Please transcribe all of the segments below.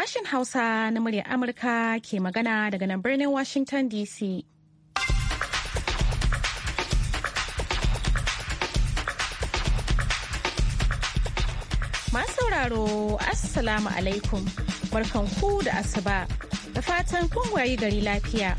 sashen Hausa na muryar Amurka ke magana daga nan birnin Washington DC. Masu sauraro, Assalamu alaikum, ku da asuba, da fatan kun gari lafiya.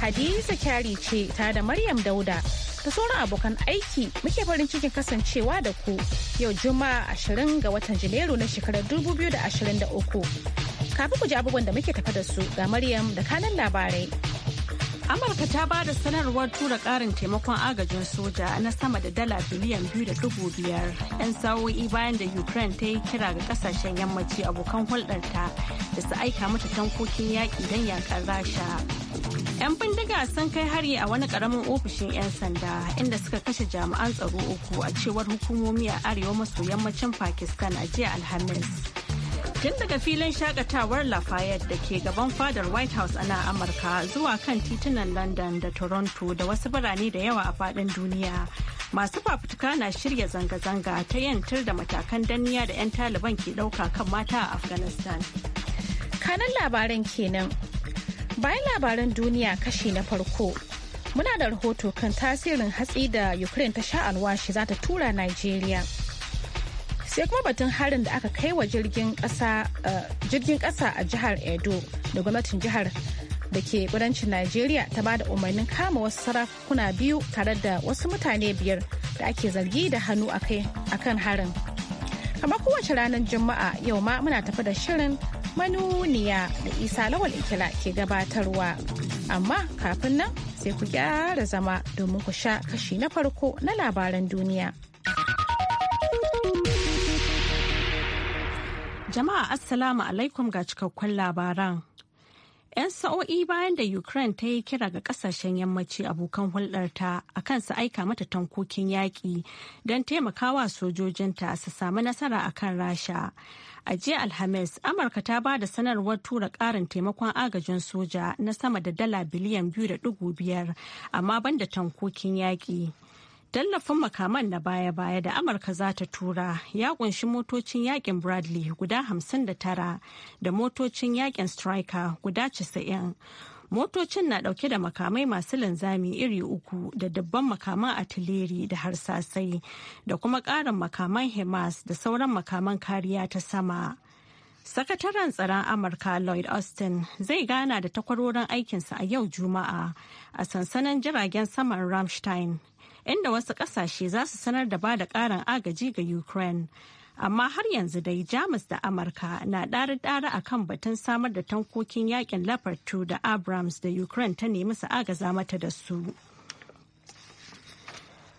Hadiza kyari ce ta da Maryam Dauda da sauran abokan aiki muke farin cikin kasancewa da ku yau Juma'a 20 ga watan Janairu na shekarar 2023. kafi ku ji abubuwan da muke tafa da su ga Maryam da kanan labarai. Amurka ta ba da sanarwar tura ƙarin taimakon agajin soja na sama da dala biliyan biyu da dubu biyar 'yan sa'o'i bayan da Ukraine ta yi kira ga kasashen yammaci abokan hulɗarta da su aika mata tankokin yaƙi don yaƙar rasha. 'Yan bindiga sun kai hari a wani ƙaramin ofishin 'yan sanda inda suka kashe jami'an tsaro uku a cewar hukumomi a arewa maso yammacin Pakistan a jiya Alhamis. Tun daga filin shakatawar Lafayette da ke gaban fadar White House ana Amurka zuwa kan titunan London da Toronto da wasu birane da yawa a fadin duniya. Masu fafutuka na shirya zanga-zanga ta yantar da matakan danniya da 'yan taliban ke dauka kan mata a Afghanistan. Kanan labaran kenan. Bayan labaran duniya kashi na farko, muna da rahoto kan tasirin hatsi da Ukraine ta sha alwashi za ta tura Nigeria. sai kuma batun harin da aka kai wa jirgin kasa eh, a jihar edo da gwamnatin jihar da ke kudancin najeriya ta ba da umarnin kama wasu sarakuna biyu tare da wasu mutane biyar da ake zargi da hannu a kan harin kamar kowace ranar juma'a yau ma muna tafi da shirin manuniya da isa lawal ikila ke gabatarwa amma kafin nan sai ku gyara zama domin ku sha kashi na farko na labaran duniya. Jama'a Assalamu alaikum ga cikakkun labaran. 'Yan sa'o'i bayan da Ukraine ta yi kira ga kasashen yammaci abokan hulɗarta a kan su aika mata tankokin yaƙi don taimakawa sojojinta su samu nasara a kan Rasha. A jiya Alhamis, Amurka ta ba da sanarwar tura ƙarin taimakon agajin soja na sama da dala biliyan biyu da biyar, amma ban da tankokin yaƙi. Tallafin makaman na baya-baya da Amurka za ta tura ya kunshi motocin yakin Bradley guda 59 da motocin yakin Striker guda 90. Motocin na dauke da makamai masu linzami iri uku da dabban makaman atileri da harsasai da kuma karin makaman hamas da sauran makaman kariya ta sama. Sakataren tsaron Amurka Lloyd Austin zai gana da takwarorin aikinsa a yau Juma'a a sansanin jiragen saman Ramstein inda wasu kasashe za su sanar da ba da ƙarin agaji ga Ukraine. Amma har yanzu dai Jamus da Amurka na ɗari-ɗari a kan batun samar da tankokin yakin Leopard 2 da Abrams da Ukraine ta nemi su agaza mata da su.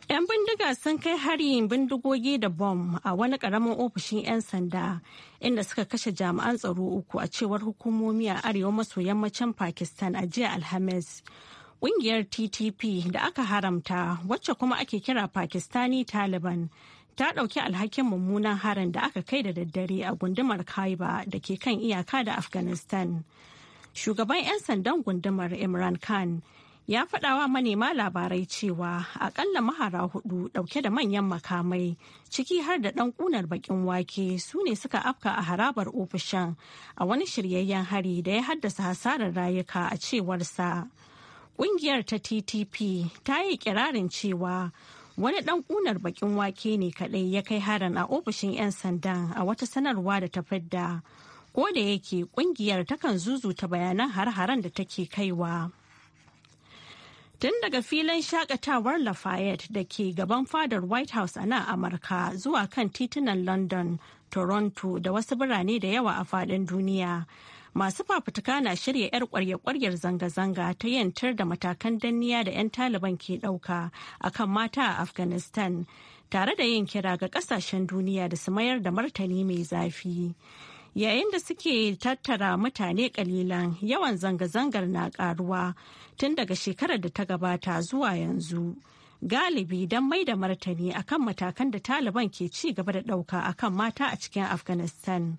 'Yan bindiga sun kai harin bindigogi da bom a wani karamin ofishin 'yan sanda inda suka kashe jami'an tsaro uku a cewar hukumomi a arewa maso yammacin Pakistan a jiya Alhamis. Ƙungiyar TTP da aka haramta wacce kuma ake kira Pakistani Taliban ta ɗauki alhakin mummunan harin da aka kai da daddare a gundumar Kaiba da ke kan iyaka da Afghanistan. Shugaban 'yan sandan gundumar Imran Khan ya faɗawa manema labarai cewa akalla mahara hudu ɗauke da manyan makamai ciki har da ɗan ƙunar bakin wake su ne suka afka a harabar ofishin a wani shiryayyen hari da ya haddasa hasarar rayuka a cewarsa. Ƙungiyar ta TTP ta yi kirarin cewa wani ɗan ƙunar bakin wake ne kadai ya kai harin a ofishin 'yan sandan a wata sanarwa da ta fidda. Ko da yake ƙungiyar takan zuzuta bayanan har-haren da take kaiwa. Tun daga filin shakatawar Lafayette da ke gaban fadar White House a nan Amurka zuwa kan titunan London, Toronto da wasu birane da yawa a fadin duniya. masu fafutuka na shirya 'yar kwarya-kwaryar zanga-zanga ta yantar da matakan danniya da 'yan taliban ke ɗauka kan mata a afghanistan tare da yin kira ga ƙasashen duniya da su mayar da martani mai zafi yayin da suke tattara mutane kalilan yawan zanga-zangar na karuwa tun daga shekarar da ta gabata zuwa yanzu galibi don mai da martani akan matakan da taliban ke ci gaba da ɗauka akan mata a cikin afghanistan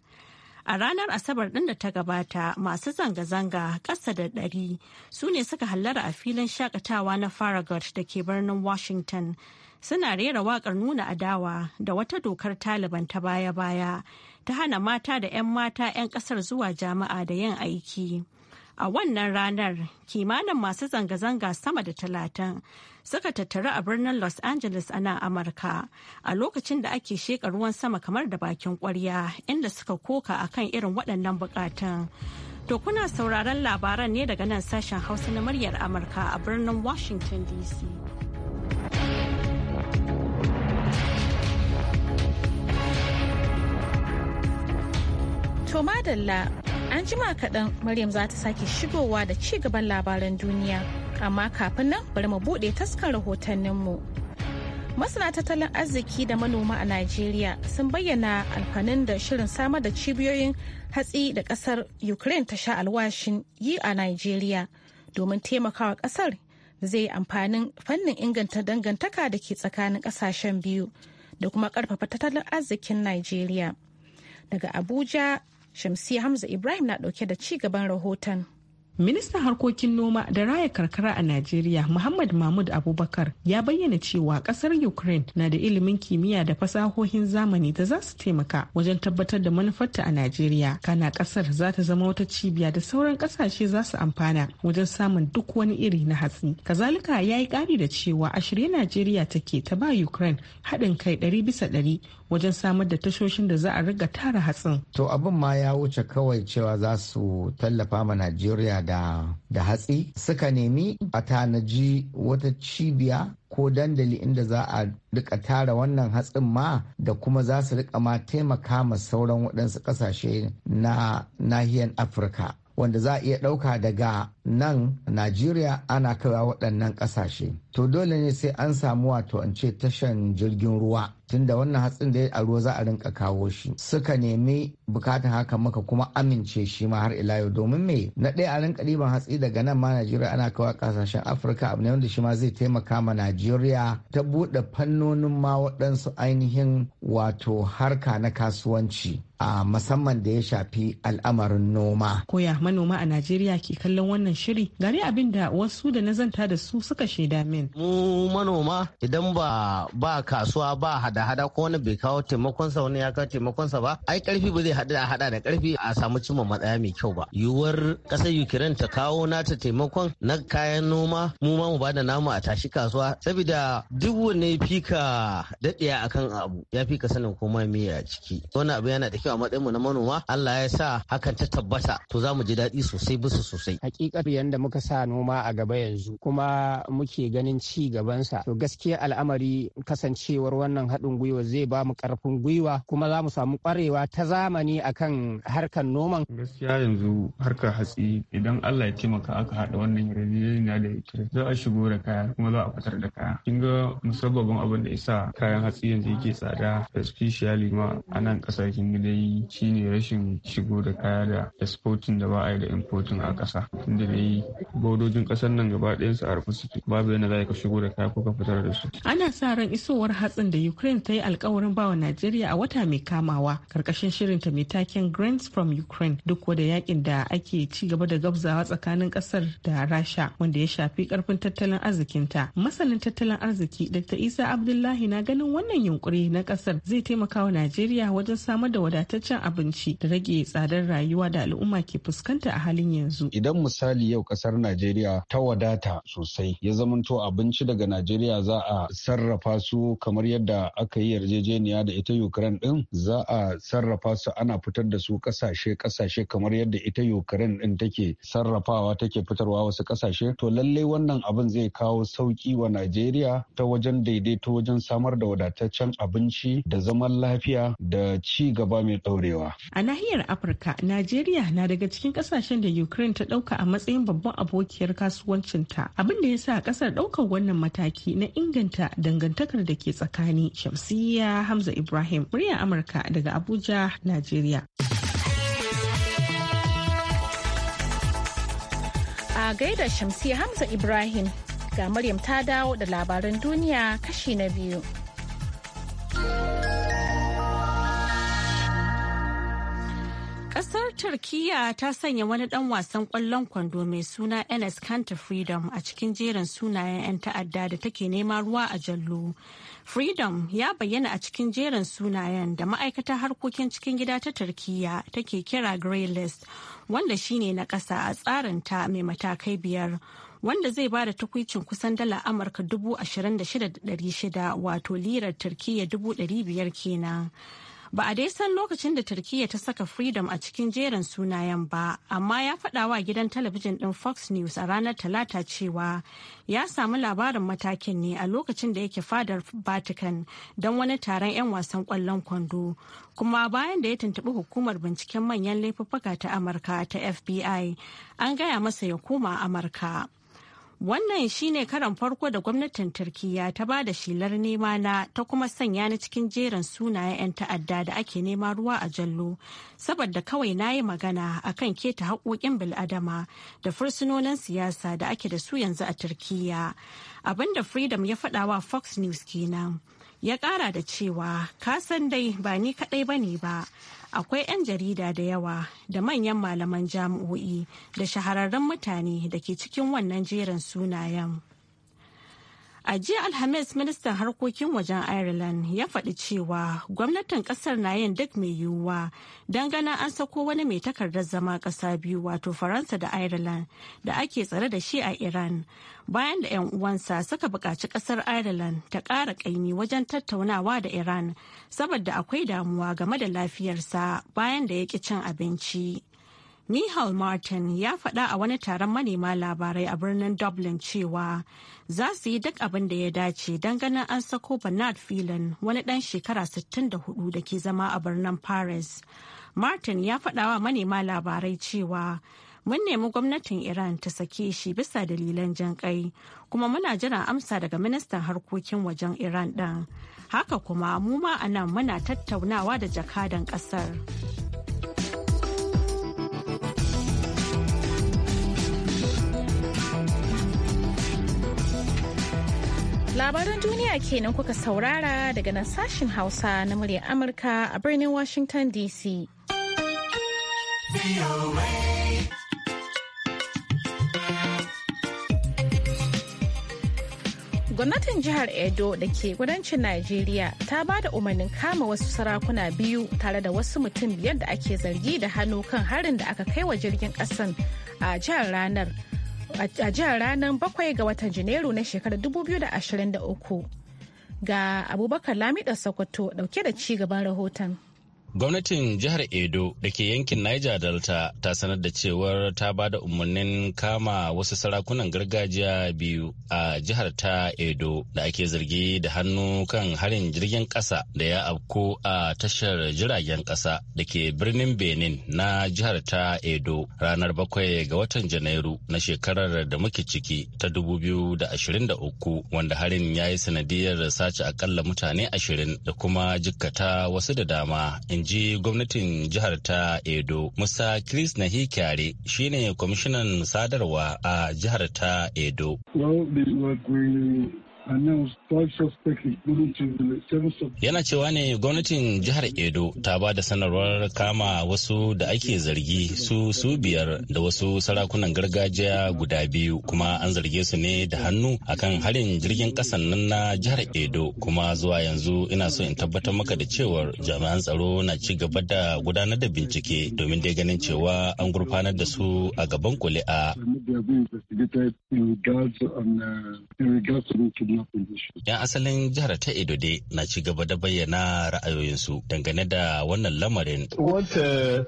A ranar Asabar ɗin da ta gabata masu zanga-zanga ƙasa da ɗari su ne suka hallara a filin shakatawa na Farragut da ke birnin Washington. Suna rera waƙar nuna adawa da wata dokar Taliban ta baya-baya ta hana mata da 'yan mata 'yan ƙasar zuwa jama'a da yin aiki. A wannan ranar kimanin masu zanga-zanga sama da talatin suka tattaru a birnin Los Angeles a nan Amurka a lokacin da ake sheƙa ruwan sama kamar da bakin kwarya, inda suka koka a kan irin waɗannan buƙatun. To kuna sauraron labaran ne daga nan sashen Hausa na muryar Amurka a birnin Washington DC. To madalla an jima kaɗan Maryam za ta sake shigowa da ci gaban labaran duniya. Amma kafin nan bari mu buɗe taskar rahotanninmu. Masana tattalin arziki da manoma a Najeriya sun bayyana alfanun da shirin samar da cibiyoyin hatsi da ƙasar Ukraine ta sha alwashin yi a Najeriya domin taimakawa ƙasar zai amfanin fannin inganta dangantaka da ke tsakanin ƙasashen biyu da kuma ƙarfafa tattalin arzikin Najeriya. Daga Abuja, Shamsi Hamza Ibrahim na ɗauke da ci gaban rahoton. Ministan harkokin noma da raya karkara a Najeriya Muhammad Mahmud Abubakar ya bayyana cewa kasar Ukraine na da ilimin kimiyya da fasahohin zamani da za su taimaka wajen tabbatar da manufarta a Najeriya. Kana kasar za ta zama wata cibiya da sauran kasashe za su amfana wajen samun duk wani iri na hatsi. Kazalika ya yi kari da cewa ashirin Najeriya take ta ba Ukraine haɗin kai ɗari bisa ɗari wajen samar da tashoshin da za a riga tara hatsin. To abin ma ya wuce kawai cewa za su tallafa ma Najeriya da, da hatsi suka nemi a tanaji wata cibiya ko dandali inda za a rika tara wannan hatsin ma da kuma za su rika ma taimaka ma sauran waɗansu ƙasashe na nahiyar afirka wanda za a iya ɗauka daga nan najeriya ana kaiwa waɗannan ƙasashe to dole ne sai an samu wato an ce tashan jirgin ruwa tunda wannan hatsin da a ruwa za a rinka kawo shi suka nemi bukatan haka muka kuma amince shi ma har ila yau domin me na ɗaya a rinka ɗiban hatsi daga nan ma najeriya ana kawo ƙasashen afirka abu ne wanda shi ma zai taimaka ma najeriya ta buɗe fannonin ma waɗansu ainihin wato harka na kasuwanci a musamman da ya shafi al'amarin noma. Koya manoma a Najeriya ke kallon wannan shiri gari abin da wasu da na zanta da su suka shaida min. Mu manoma idan ba ba kasuwa ba hada-hada ko wani bai kawo taimakonsa wani ya kawo taimakonsa ba ai karfi ba zai hada da hada da karfi a samu cimma matsaya mai kyau ba. Yiwuwar kasar Ukraine ta kawo nata taimakon na kayan noma mu ma mu bada namu a tashi kasuwa saboda duk wanne fika daɗiya akan abu ya fika sanin komai me a ciki. Wani abu yana da kyau a matsayinmu na manoma Allah ya sa hakan ta tabbata to za mu ji daɗi sosai bisa sosai. Hakika yadda muka sa noma a gaba yanzu kuma muke ganin ci gabansa to gaskiya al'amari kasancewar wannan haɗin gwiwa zai ba mu ƙarfin gwiwa kuma za mu samu ƙwarewa ta zamani akan harkar noman gaskiya yanzu harkar hatsi idan Allah ya taimaka aka haɗa wannan yarjejeniya da ita za a shigo da kaya kuma za a fitar da kaya kin ga musabbabin abin da yasa kayan hatsi yanzu yake tsada especially ma a nan ƙasar kin dai shine rashin shigo da kaya da exporting da ba a yi da importing a ƙasa na yi bodojin kasar nan gaba ɗayan su a rufe suke babu yana zai ka shigo da kaya ko ka fitar da su. ana sa ran isowar hatsin da ukraine ta yi alkawarin bawa najeriya a wata mai kamawa karkashin shirinta mai taken grains from ukraine duk wada yakin da ake ci gaba da gabzawa tsakanin kasar da rasha wanda ya shafi karfin tattalin arzikinta masanin tattalin arziki dr isa abdullahi na ganin wannan yunkuri na kasar zai taimaka wa najeriya wajen samar da wadataccen abinci da rage tsadar rayuwa da al'umma ke fuskanta a halin yanzu idan misali misali yau kasar Najeriya ta wadata sosai ya zamanto abinci daga Najeriya za a sarrafa su kamar yadda aka yi yarjejeniya da ita Ukraine din za a sarrafa su ana fitar da su kasashe kasashe kamar yadda ita Ukraine din take sarrafawa take fitarwa wasu kasashe to lallai wannan abin zai kawo sauki wa Najeriya ta wajen daidaito wajen samar da wadataccen abinci da zaman lafiya da ci gaba mai ɗaurewa. A nahiyar Afirka, Najeriya na daga cikin kasashen da Ukraine ta ɗauka a matsayin matsayin babban abokiyar kasuwancinta abin da ya sa kasar ɗaukar wannan mataki na inganta dangantakar da ke tsakani shamsiya hamza ibrahim murya amurka daga abuja najeriya a gaida shamsiya hamza ibrahim ga maryam ta dawo da labaran duniya kashi na biyu Turkiya ta sanya wani dan wasan kwallon kwando mai suna Enes Kanta Freedom a cikin jerin sunayen 'yan ta'adda da take nema ruwa a jallo. Freedom ya bayyana a cikin jerin sunayen da ma'aikatar harkokin cikin gida ta Turkiya take kira Grey List, wanda shine na ƙasa a tsarin ta mai matakai biyar. wanda zai ba da tukwicin kusan dala amurka 26,600 wato lirar turkiyya 500 kenan ba a dai san lokacin da turkiyya ta saka freedom a cikin jerin sunayen ba amma ya faɗa wa gidan talabijin ɗin fox news a ranar talata cewa ya samu labarin matakin ne a lokacin da yake fadar vatican don wani taron 'yan wasan ƙwallon kwando kuma bayan da ya tuntuɓi hukumar binciken manyan laifuffuka ta amurka ta fbi an gaya masa ya koma amurka Wannan shi ne karan farko da gwamnatin Turkiyya ta ba da shelar nema na ta kuma sanya na cikin jerin sunayen 'yan ta'adda da ake nema ruwa a jallo, saboda kawai na yi magana a kan keta haƙoƙin bil'adama da fursunonin siyasa da ake da su yanzu a Turkiyya. Abinda Freedom ya faɗa wa Fox News kenan. Ya ƙara da cewa, "Ka san dai ba ni kaɗai ba ne ba. akwai 'yan jarida da yawa da manyan malaman jami'o'i da shahararren mutane da ke cikin wannan jerin sunayen. A jiya Alhamis ministan harkokin wajen Ireland ya faɗi cewa gwamnatin ƙasar na yin duk mai yiwuwa don ganin an sako wani mai takardar zama ƙasa biyu wato Faransa da Ireland da ake tsare da shi a Iran bayan da 'yan uwansa suka buƙaci ƙasar Ireland ta ƙara ƙaimi wajen tattaunawa da Iran saboda akwai damuwa game da lafiyarsa bayan da ya ƙi cin abinci. Nihal Martin ya faɗa a wani taron manema labarai a birnin Dublin cewa za su yi duk abin da ya dace don ganin an sako Bernard Phelan wani ɗan shekara 64 da ke zama a birnin Paris. Martin ya faɗawa manema labarai cewa mun nemi gwamnatin Iran ta sake shi bisa dalilan jan kai kuma muna jiran amsa daga ministan harkokin wajen Iran ɗin. Haka kuma mu ma a nan muna tattaunawa da jakadan ƙasar. Labaran duniya kenan kuka saurara daga nan sashen Hausa na muryar Amurka a birnin Washington DC. Gwamnatin jihar Edo da ke kudancin Najeriya ta ba da umarnin kama wasu sarakuna biyu tare da wasu mutum biyar da ake zargi da hannu kan harin da aka kai wa jirgin kasan a jihar ranar. a jihar ranar bakwai ga watan janairu na shekarar 2023 ga abubakar lamida sokoto dauke da ci gaban rahoton. Gwamnatin jihar Edo da ke yankin Niger Delta ta sanar da cewar ta ba da umarnin kama wasu sarakunan gargajiya biyu a jihar ta Edo da ake zargi da hannu kan harin jirgin ƙasa da ya afko a tashar jiragen ƙasa da ke birnin Benin na jihar ta Edo ranar bakwai ga watan Janairu na shekarar da muke ciki ta 2023 wanda harin ya yi sanadiyar sace akalla mutane ashirin da kuma jikkata wasu da dama inji gwamnatin jihar ta edo musa chris nahi shi ne kwamishinan sadarwa a jihar ta edo Yana cewa ne gwamnatin jihar Edo ta ba da sanarwar kama wasu da ake zargi su su biyar da wasu sarakunan gargajiya guda biyu kuma an zarge su ne da hannu akan harin jirgin kasan nan na jihar Edo kuma zuwa yanzu ina so in tabbatar maka da cewar jami'an tsaro na ci gaba da gudanar da bincike domin dai ganin cewa an gurfanar da su a gaban kuli'a. Yan asalin jihar ta Edo dai na ci gaba da bayyana ra'ayoyinsu dangane da wannan lamarin. What ce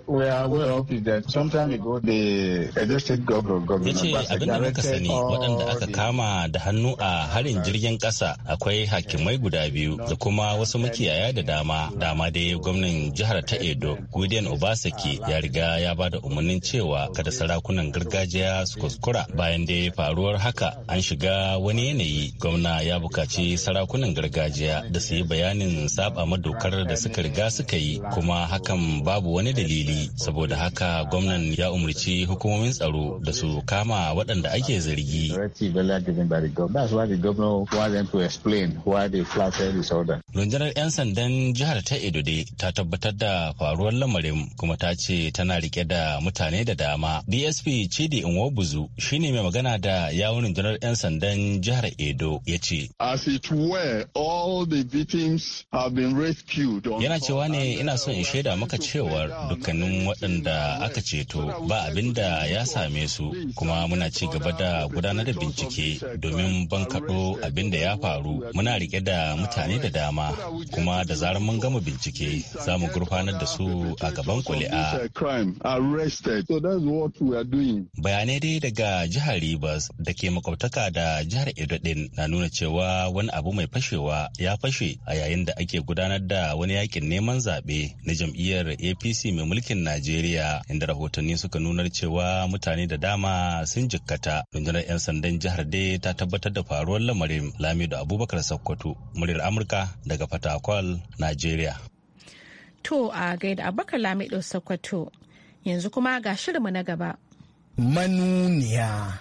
Yace abin da muka sani waɗanda aka kama da hannu a harin jirgin ƙasa akwai hakimai guda biyu da kuma wasu makiyaya da dama dama dai gwamnan jihar ta Edo gudiyan Obasaki ya riga ya ba da umarnin cewa kada sarakunan gargajiya su kuskura bayan da faruwar haka an shiga wani yanayi gwamna ya bukaci sarakunan gargajiya da su yi bayanin saba madokar da suka riga suka yi kuma hakan babu wani dalili saboda haka gwamnan ya umarci hukumomin tsaro da su kama waɗanda ake zargi. Rundunar 'yan sandan jihar ta Edo dai ta tabbatar da faruwar lamarin kuma ta ce tana rike da mutane da dama. DSP Chidi Nwobuzu shine mai magana da yawon rundunar 'yan sandan jihar Edo ya ce. Yana cewa ne ina son in shaida maka cewar dukkanin waɗanda aka ceto ba abin da ya same su kuma muna ci gaba da gudanar da bincike domin ban kaɗo abin da ya faru muna rike da mutane da dama kuma da zarar mun gama bincike za mu gurfanar da su a gaban kuli'a. Bayanai dai daga jihar Rivers da ke makwabtaka da jihar Edo ɗin na nuna cewa wani abu mai fashewa ya fashe a yayin da ake gudanar da wani yakin neman zaɓe na jam'iyyar apc mai mulkin najeriya inda rahotanni suka nunar cewa mutane da dama sun jikkata rundunar 'yan sandan jihar dai ta tabbatar da faruwar lamarin lamido abubakar sakkwato muryar amurka daga fatakwal najeriya to a gaida abubakar lamido Sakkwato, yanzu kuma ga shirinmu na gaba manuniya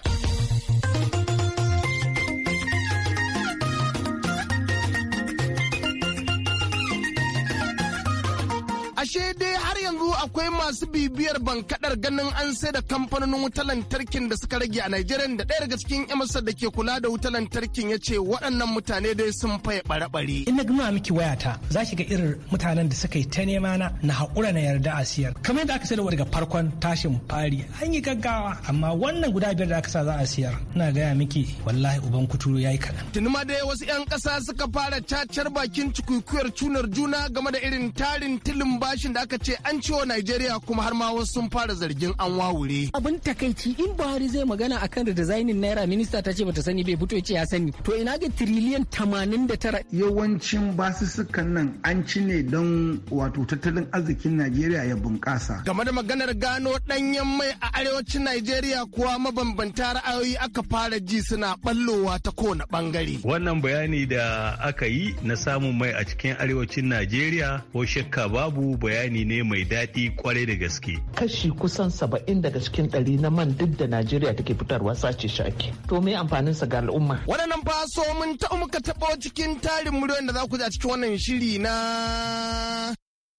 ashe dai har yanzu akwai masu bibiyar bankadar ganin an sai da kamfanonin wutar lantarkin da suka rage a Najeriya da ɗaya daga cikin emirsa da ke kula da wutar lantarkin ya ce waɗannan mutane dai sun faye bare-bare. In na gama miki wayata za ki ga irin mutanen da suka yi ta nema na na haƙura na yarda a siyar. Kamar yadda aka sayar daga farkon tashin fari an yi gaggawa amma wannan guda biyar da aka sa za a siyar. Ina gaya miki wallahi uban kuturu ya yi kaɗan. Tuni ma dai wasu 'yan ƙasa suka fara cacar bakin cikikiyar cunar juna game da irin tarin tilin ba bashin da aka ce an ciwo Najeriya kuma har ma wasu sun fara zargin an wawure. Abin takaici in Buhari zai magana akan da naira minista ta ce bata sani bai fito ce ya sani. To ina ga tiriliyan tamanin da tara. Yawancin basussukan nan an ci ne don wato tattalin arzikin Najeriya ya bunƙasa. Game da maganar gano ɗanyen mai a arewacin Najeriya kuwa mabambanta ra'ayoyi aka fara ji suna ɓallowa ta kowane ɓangare. Wannan bayani da aka yi na samun mai a cikin arewacin Najeriya ko shakka babu bayani ne mai daɗi kwarai da gaske. Kashi kusan saba'in daga cikin ɗari na man duk da Najeriya take fitarwa sace shi ake. To me amfanin sa ga al'umma? Waɗannan so mun taɓa muka taɓa cikin tarin muryoyin da za ku ji a cikin wannan shiri na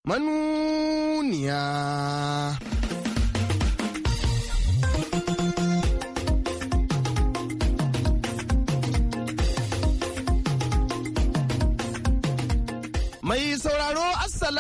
manuniya.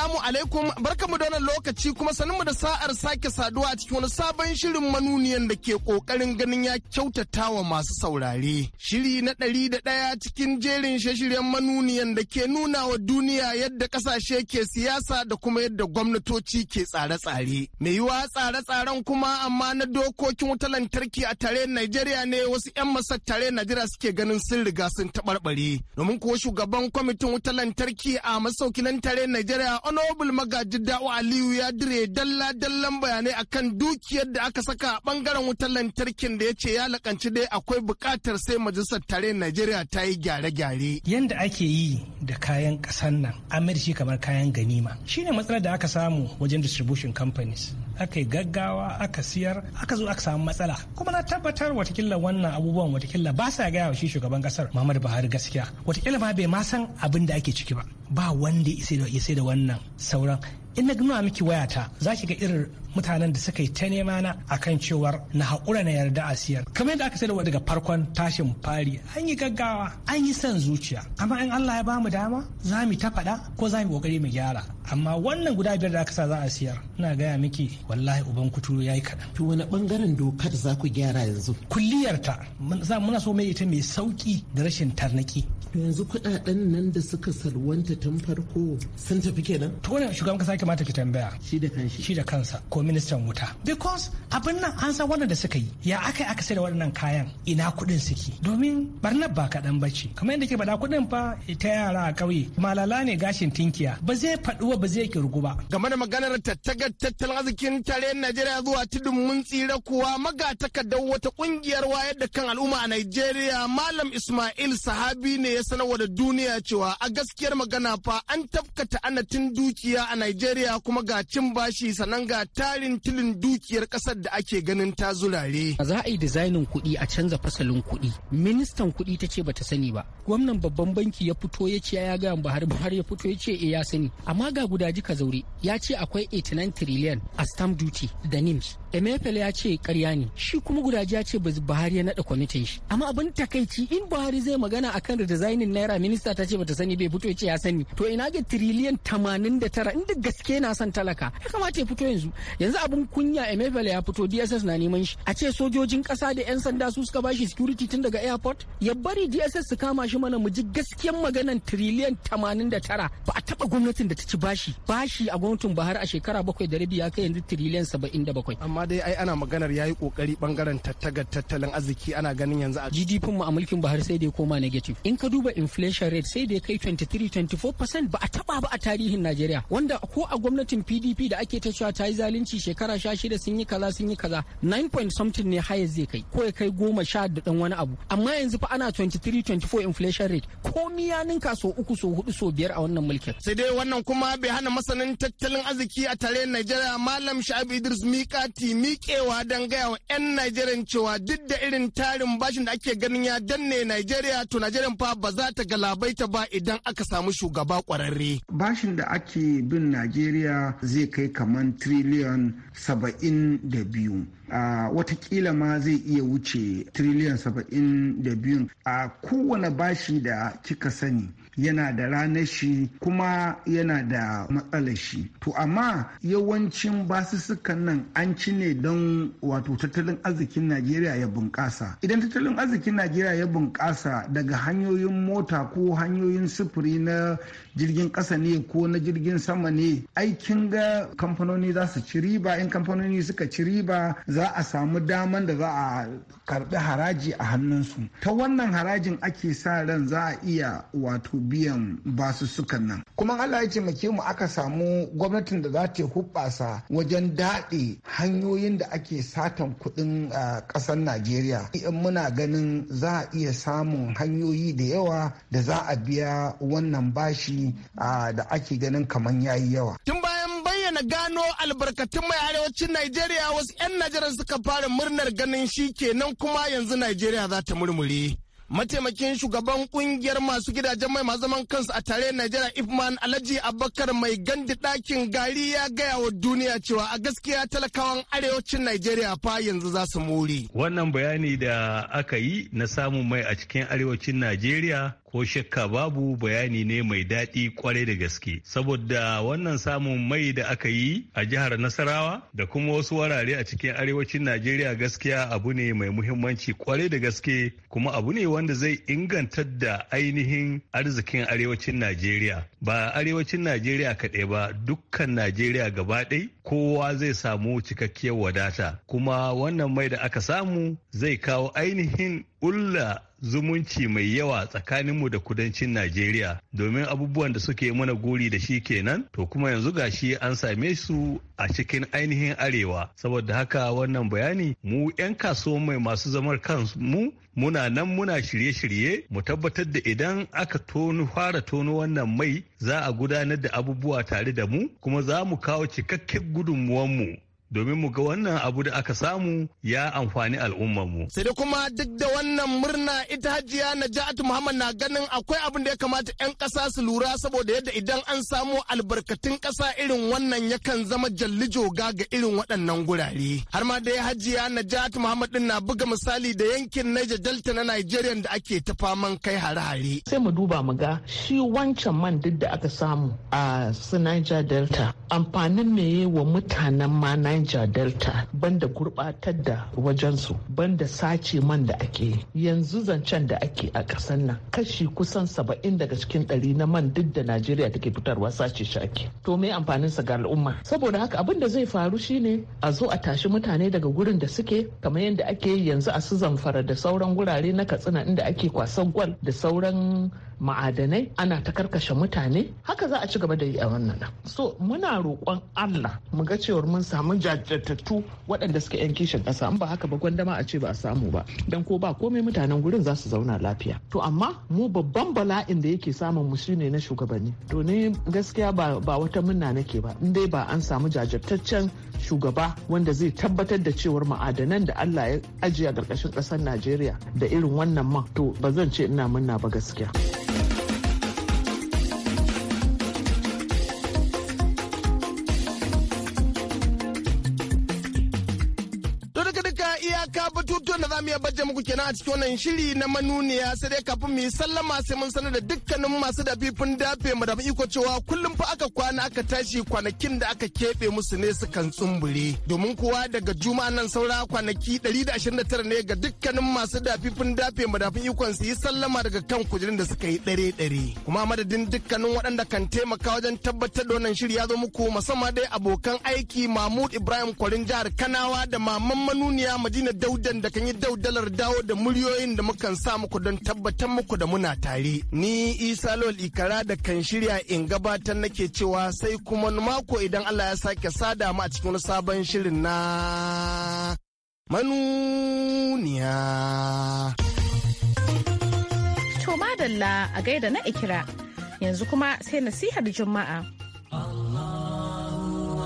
Assalamu alaikum barkamu da wannan lokaci kuma sanin da sa'ar sake saduwa a cikin wani sabon shirin manuniyan da ke kokarin ganin ya kyautata wa masu saurare. Shiri na ɗari da ɗaya cikin jerin shirin manuniyan da ke nuna wa duniya yadda ƙasashe ke siyasa da kuma yadda gwamnatoci ke tsare-tsare. Mai yiwa tsare-tsaren kuma amma na dokokin wutar lantarki a tare Najeriya ne wasu 'yan masar tare Najeriya suke ganin sun riga sun taɓarɓare. Domin kuwa shugaban kwamitin wuta lantarki a masaukinan tare Najeriya honorable magaji da'u aliyu ya dire dalla dallan bayanai akan dukiyar da aka saka a bangaren wutar lantarkin da ya ce ya lakanci dai akwai bukatar sai majalisar tare najeriya ta yi gyare-gyare yadda ake yi da kayan kasan nan an shi kamar kayan ganima shine matsalar da aka samu wajen distribution companies aka yi gaggawa aka siyar aka zo aka samu matsala kuma na tabbatar watakila wannan abubuwan watakila ba sa gaya wa shi shugaban kasar Muhammadu Buhari gaskiya watakila ma bai ma san abin da ake ciki ba ba wanda ya sai da wannan sauran in na nuna miki wayata za ki ga irin mutanen da suka yi ta nema na a kan cewar na haƙura na yarda a siyar kamar yadda aka da daga farkon tashin fari an yi gaggawa an yi son zuciya amma in Allah ya bamu dama za mu ta faɗa ko za mu ƙoƙari mu gyara amma wannan guda biyar da aka sa za a siyar ina gaya miki wallahi uban kuturu yi kaɗan. to wani ɓangaren dokar za ku gyara yanzu kulliyar ta muna so mai ita mai sauki da rashin tarnaki yanzu kuɗaɗen nan da suka salwanta tun farko sun tafi kenan to wannan shugaban kasa kamata ki tambaya shi da kansa shi da kansa ko ministan wuta because abin nan an san wannan da suka yi ya aka aka sai da waɗannan kayan ina kuɗin suke domin barnar ba kaɗan bace kamar yadda ke faɗa kuɗin fa ta yara a ƙauye malala ne gashin tinkiya ba zai faɗuwa ba zai kirgu ba game da maganar tattagar tattalin arzikin tarayyar Najeriya zuwa tudun mun tsira kuwa magatakardar wata kungiyar wayar da kan al'umma a Najeriya Malam Ismail Sahabi ne ya sanarwa da duniya cewa a gaskiyar magana fa an ana anatin dukiya a Najeriya najeriya kuma ga cin bashi sannan ga tarin tilin dukiyar kasar da ake ganin ta zurare za a yi dizainin kuɗi a canza fasalin kuɗi ministan kuɗi ta ce ba ta sani ba gwamnan babban banki ya fito ya ce ya gaya buhari buhari ya fito ya ce eh, ya sani amma ga gudaji ka zaure ya ce akwai 89 trillion a stamp duty da nims emefiel ya ce karya ne shi kuma gudaji ya ce buhari ya naɗa kwamitin shi amma abin takaici in buhari zai magana akan dizainin naira minista ta ce ba ta sani bai fito ya ce ya sani to ina ga trillion 89 inda gaske gaske na son talaka ya kamata ya fito yanzu yanzu abun kunya emefele ya fito dss na neman shi a ce sojojin kasa da yan sanda su suka bashi security tun daga airport ya bari dss su kama shi mana mu ji gaskiyan maganan triliyan tamanin da tara ba a taba gwamnatin da ta ci bashi bashi a gwamnatin bahar a shekara bakwai da rabi ya kai yanzu triliyan saba'in da bakwai amma dai ai ana maganar ya yi kokari bangaren tattagar tattalin arziki ana ganin yanzu a gdp mu a mulkin bahar sai da ya koma negative in ka duba inflation rate sai da ya kai 23 24 ba a taba ba a tarihin najeriya wanda ko a gwamnatin pdp da ake ta cewa ta yi zalunci shekara sha shida sun yi kaza sun yi kaza 9 point something ne haya zai kai ko ya kai goma sha da dan wani abu amma yanzu fa ana 23 24 inflation rate ko ya ninka so uku so hudu so biyar a wannan mulkin sai dai wannan kuma bai hana masanin tattalin arziki a tare Najeriya malam Sha'ib Idris Mikati miƙewa don gaya wa 'yan Najeriya cewa duk da irin tarin bashin da ake ganin ya danne Najeriya to Najeriya fa ba za ta galabaita ba idan aka samu shugaba kwararre bashin da ake bin Najeriya najeriya zai kai kaman triliyan 72 a watakila ma zai iya wuce triliyan 72 a kowane bashi da kika sani yana da ranar shi kuma yana da matsalar shi to amma yawancin basussukan nan an ci ne don wato tattalin arzikin najeriya ya bunƙasa idan tattalin arzikin najeriya ya bunƙasa daga hanyoyin mota ko hanyoyin sufuri na jirgin kasa ne ko na jirgin sama ne aikin ga kamfanoni za su ci riba in kamfanoni suka ci riba za a samu daman da za a karbi haraji a hannunsu ta wannan harajin ake sa ran za a iya wato biyan basu sukan nan kuma allah ya taimake mu aka samu gwamnatin da za ta hubbasa wajen daɗe hanyoyin da ake satan kuɗin ƙasar najeriya in muna ganin za a iya samun hanyoyi da yawa da za a biya wannan bashi da ake ganin kamar yayi yawa tun bayan bayyana gano albarkatun mai arewacin najeriya wasu 'yan najeriya suka fara murnar ganin shi kenan kuma yanzu najeriya za ta murmure mataimakin shugaban kungiyar masu gidajen mai masu zaman kansu a tare Najeriya Ifman Alhaji Abubakar mai gandi ɗakin gari ya gaya wa duniya cewa a gaskiya talakawan arewacin Najeriya fa yanzu za su muri. Wannan bayani da aka yi na samun mai a cikin arewacin Najeriya ko shakka babu bayani ne mai daɗi kwarai da gaske saboda wannan samun mai da aka yi a jihar nasarawa da kuma wasu wurare a cikin arewacin najeriya gaskiya abu ne mai muhimmanci kwarai da gaske kuma abu ne wanda zai inganta da ainihin arzikin arewacin najeriya ba arewacin najeriya kaɗai ba dukkan najeriya gaba ɗai kowa zai samu cikakkiyar wadata kuma wannan mai da aka samu zai kawo ainihin ulla zumunci mai yawa tsakaninmu da kudancin Najeriya domin abubuwan da suke mana gori da shi kenan to kuma yanzu gashi an same su a cikin ainihin arewa saboda haka wannan bayani mu 'yan kasuwan mai masu zamar kansu mu muna nan muna shirye-shirye mu tabbatar da idan aka tono fara tono wannan mai za a gudanar da abubuwa tare da mu kuma za mu kawo cikakken mu domin mu ga wannan abu da aka samu ya amfani al'ummarmu. Sai dai kuma duk da wannan murna ita hajiya ja'atu Muhammad na ganin akwai abin da ya kamata 'yan kasa su lura saboda yadda idan an samu albarkatun kasa irin wannan yakan zama jallijoga ga irin waɗannan gurare. Har ma dai hajiya ja'atu Muhammad din na buga misali da yankin Niger Delta na Nigeria da ake ta faman kai hare-hare. Sai mu duba mu ga shi wancan man duk da aka samu a su Niger Delta amfanin me wa mutanen ma Niger niger delta banda gurbatar da wajensu banda sace man da ake yanzu zancen da ake a ƙasar nan kashi kusan saba'in daga cikin ɗari na man duk da najeriya take fitarwa sace shi ake to me sa ga al'umma saboda haka abin da zai faru shine a zo a tashi mutane daga gurin da suke kamar yadda ake yanzu a su zamfara da sauran gurare na katsina inda ake kwasan gwal da sauran ma'adanai ana ta karkashe mutane haka za a ci gaba da yi a wannan so muna roƙon allah mu ga cewar mun samu jajjatattu waɗanda suka yan kishin ƙasa in ba haka ba gwandama a ce ba a samu ba dan ko ba komai mutanen gurin za su zauna lafiya to amma mu babban bala'in da yake samun mu shine na shugabanni to ni gaskiya ba wata munna nake ba in dai ba an samu jajirtaccen shugaba wanda zai tabbatar da cewar ma'adanan da Allah ya ajiye a ƙarƙashin ƙasar Najeriya da irin wannan man to ba zan ce ina munna ba gaskiya. ce muku kenan a cikin wannan shiri na manuniya sai dai kafin mu yi sallama sai mun sanar da dukkanin masu dafifin dafe mu da iko cewa kullum fa aka kwana aka tashi kwanakin da aka keɓe musu ne su kan tsumbure domin kuwa daga juma'a nan saura kwanaki 129 ne ga dukkanin masu dafifin dafe mu da iko su yi sallama daga kan kujerun da suka yi dare dare kuma madadin dukkanin waɗanda kan taimaka wajen tabbatar da wannan shiri ya zo muku musamman dai abokan aiki Mahmud Ibrahim Kwarin jihar Kanawa da maman manuniya Madina Daudan da kan yi daudalar dawo da muryoyin da mukan sa muku don tabbatar muku da muna tare. Ni Isa Lol Ikara da kan shirya in gabatar nake cewa sai kuma mako idan Allah ya sake sada mu a cikin sabon shirin na manuniya. To madalla a gaida na ikira yanzu kuma sai nasihar juma'a. Assalamu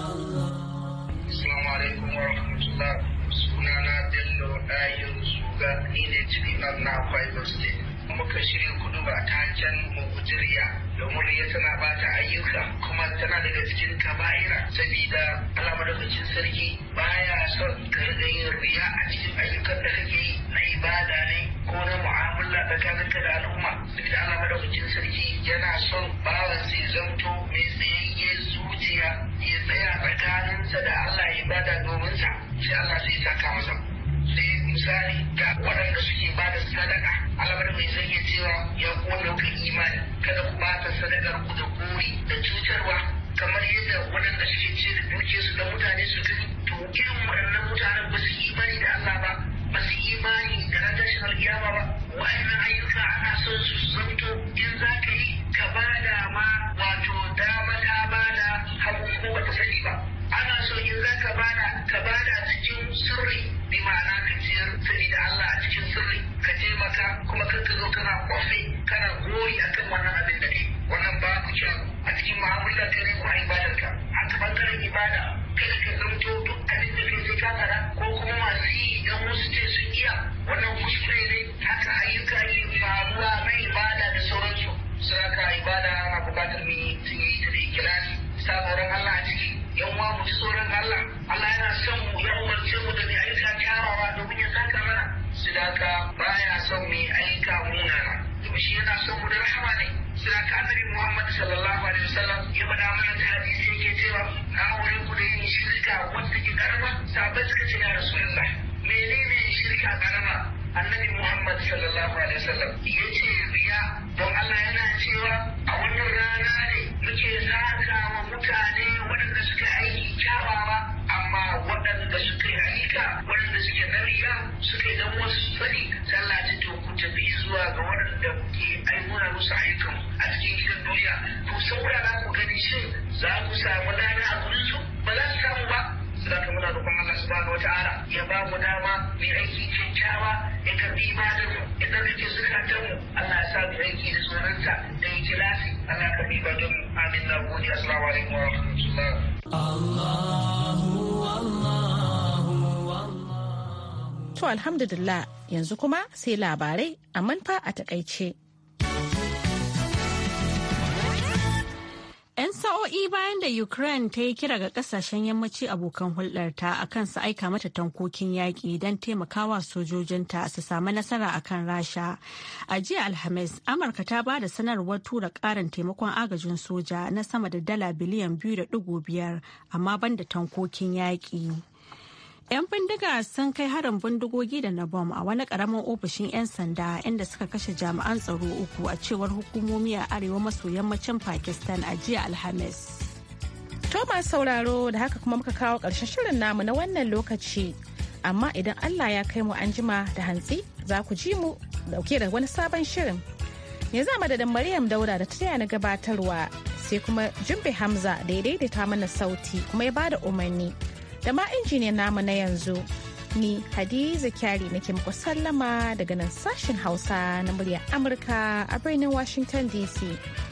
alaikum wa rahmatullah sunana Bello Ayyuzu ga ni ne liman na Kwaibar State. Muka shirya kudu ba ta can mugujiriya domin ya tana bata ayyuka kuma tana daga cikin kaba'ira sabida alamadokacin sarki baya son ka yin riya a cikin ayyukan da kake yi na ibada ne ko na mu'amala tsakaninka da al'umma sabida alamadokacin sarki yana son bawan sai zamto mai tsayayye zuciya ya tsaya tsakaninsa da Allah ibada domin sa sai Allah zai saka masa. misali ga waɗanda suke ba da sadaka alamar mai zai iya cewa ya kowane kan imani kada ku ta sadakar ku da gori da cutarwa kamar yadda waɗanda suke ce da duke su da mutane su gani to irin waɗannan mutanen ba su imani da Allah ba ba su imani da na tashin alƙiyama ba wa'annan ayyuka ana son su zanto in za ka yi ka da ma wato dama ta da hagu ko wata sani ba ana so in za ka ba da ka ba da cikin sirri bi ma'ana cibiyar sani da Allah a cikin sirri ka je mata kuma kan ka zo kana kwafe kana goyi akan wannan abin da ne wannan babu kyau a cikin mu'amala ka ne kuma ibadar ka a ta bangaren ibada kai ka zamto duk abin da kai ka tsara ko kuma masu yi don ta'ala ya ba mu dama mai aiki kyakkyawa ya karbi imanin mu ya tsarkake zukatan mu Allah ya sa mu aiki da tsoronsa da ya kilasi Allah ka bi don mu amin na gode assalamu alaikum wa rahmatullah Allahu Allahu To alhamdulillah yanzu kuma sai labarai a manfa a takaice. 'Yan sa'o'i bayan da Ukraine ta yi kira ga kasashen yammaci abokan hulɗarta a kan su aika mata tankokin yaƙi don taimakawa sojojinta su samu nasara a kan Rasha. A jiya Alhamis, Amurka ta ba da sanarwar tura ƙarin taimakon agajin soja na sama da dala biliyan biyu da biyar amma ban da tankokin yaƙi. 'Yan bindiga sun kai harin bindigogi da na bom a wani karamin ofishin 'yan sanda inda suka kashe jami'an tsaro uku a cewar hukumomi a arewa maso yammacin Pakistan a jiya Alhamis. Thomas sauraro da haka kuma muka kawo ƙarshen shirin namu na wannan lokaci. Amma idan Allah ya kai mu an jima da hantsi za ku ji mu dauke da wani sabon shirin. ne za madadin Maryam Dauda da ta na gabatarwa sai kuma Jumbe Hamza da ya daidaita mana sauti kuma ya bada umarni. da ma injiniyan namu na yanzu. Ni Hadiza Kyari nake muku sallama daga nan sashen Hausa na muryar Amurka a birnin Washington DC.